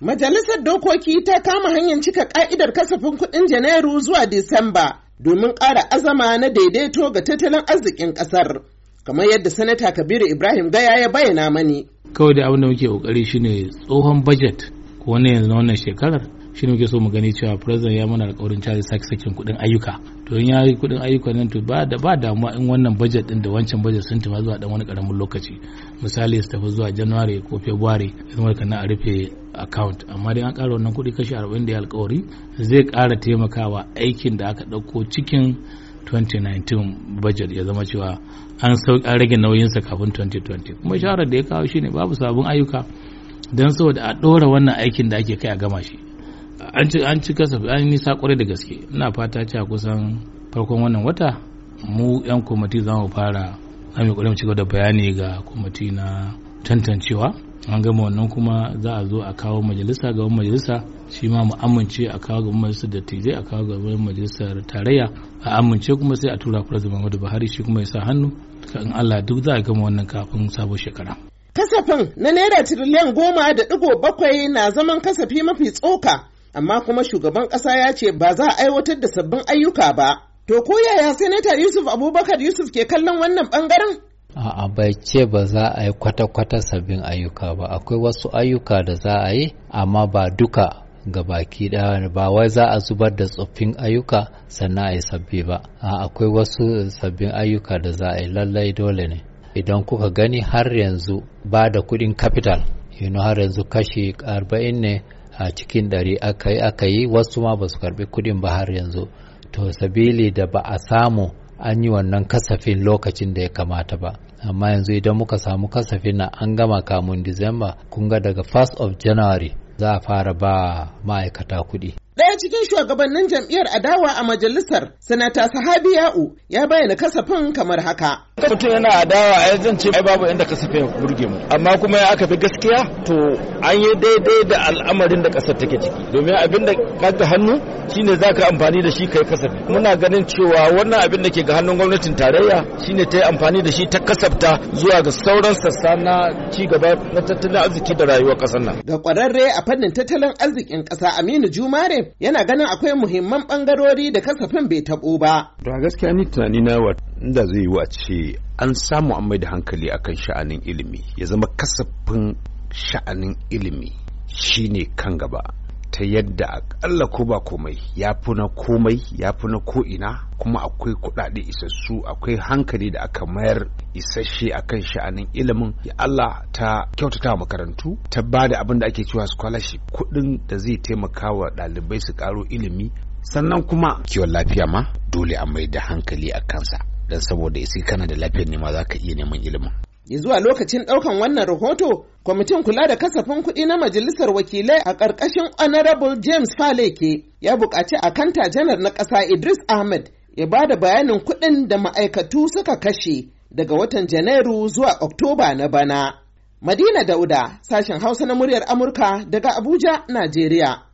Majalisar Dokoki ta kama hanyar cika ka'idar kasafin kuɗin Janairu zuwa Disamba domin ƙara azama na daidaito ga tattalin arzikin ƙasar, kamar yadda Sanata Kabiru Ibrahim Gaya ya bayyana mani. Kawai da abin da muke ƙoƙari shine tsohon bajet ko wani yanzu wannan shekarar shi ne muke so mu gani cewa president ya mana alƙawarin caji sake sakin kuɗin ayyuka to in ya yi kuɗin ayyuka nan to ba da ba damuwa in wannan bajet din da wancan bajet sun tafi zuwa dan wani ƙaramin lokaci misali su tafi zuwa january ko february ya wani kana a rufe account amma dai an ƙara wannan kuɗi kashi 40 da ya alkawari zai ƙara taimakawa aikin da aka ɗauko cikin 2019 budget ya zama cewa an an rage nauyinsa kafin 2020 kuma shawarar da ya kawo shine babu sabon ayyuka don saboda a ɗora wannan aikin da ake kai a gama shi an ci kasafi an nisa kwarai da gaske ina fata cewa kusan farkon wannan wata mu 'yan kwamiti za mu fara za mu ci gaba da bayani ga kwamati na tantancewa an gama wannan kuma za a zo a kawo majalisa gaban majalisa shi ma mu amince a kawo majalisa da dattijai a kawo majalisa tarayya a amince kuma sai a tura zama Muhammadu Buhari shi kuma ya sa hannu in Allah duk za a gama wannan kafin sabon shekara kasafin na naira tiriliyan goma da digo bakwai na zaman kasafi mafi tsoka amma kuma shugaban kasa ya ce ba za a aiwatar da sabbin ayyuka ba to ko yaya sanata Yusuf Abubakar Yusuf ke kallon wannan bangaren A'a bai ce ba za a yi kwata-kwata sabbin ayyuka ba, akwai wasu ayyuka da za a yi, amma ba duka ga baki ɗaya ba wai za a zubar da tsoffin ayyuka sannan a yi sabbi ba. Akwai wasu sabbin ayyuka da za a yi lallai dole ne. Idan kuka gani har yanzu ba da kuɗin capital, you har yanzu kashi arba'in ne a cikin ɗari aka yi aka yi wasu ma ba su karɓi kuɗin ba har yanzu. To sabili da ba a samu an yi wannan kasafin lokacin da ya kamata ba amma yanzu idan muka samu kasafin na an gama kamun disamba kunga daga 1st of january za a fara ba ma'aikata kuɗi Ɗaya cikin shugabannin jam'iyyar adawa a majalisar, Sanata Sahabi Ya'u ya bayyana kasafin kamar haka. Mutum yana adawa a yanzu ce ai babu inda kasafin burge mu. Amma kuma ya aka fi gaskiya to an yi daidai da al'amarin da ƙasar take ciki. Domin abin da ka hannu shine za ka amfani da shi kai kasafi. Muna ganin cewa wannan abin da ke ga hannun gwamnatin tarayya shine ta yi amfani da shi ta kasafta zuwa ga sauran sassa na ci gaba na tattalin arziki da rayuwar ƙasar nan. Ga ƙwararre a fannin tattalin arzikin ƙasa Aminu Jumare yana ganin akwai muhimman bangarori da kasafin bai taɓo ba. Da gaskiya ni tunani na inda zai yi ce an samu an da hankali akan sha'anin ilimi ya zama kasafin sha'anin ilimi shine kan gaba ta yadda akalla ko ba komai ya fi na komai ya fi na ko'ina kuma akwai kuɗaɗe isassu akwai hankali da aka mayar isasshe akan sha'anin ilimin ya Allah ta kyautata makarantu ta ba da abin da ake cewa scholarship kuɗin da zai taimaka wa ɗalibai su karo ilimi sannan kuma kiwon lafiya ma dole a mai da hankali a kansa don saboda isi kana da lafiyar nema za ka iya neman ilimin zuwa lokacin ɗaukan wannan rahoto kwamitin kula da kasafin kuɗi na majalisar wakilai a ƙarƙashin honorable james faleke ya buƙaci akanta janar na ƙasa idris ahmed ya ba da bayanin kuɗin da ma'aikatu suka kashe daga watan janairu zuwa oktoba na bana madina dauda sashen hausa na muryar amurka daga abuja najeriya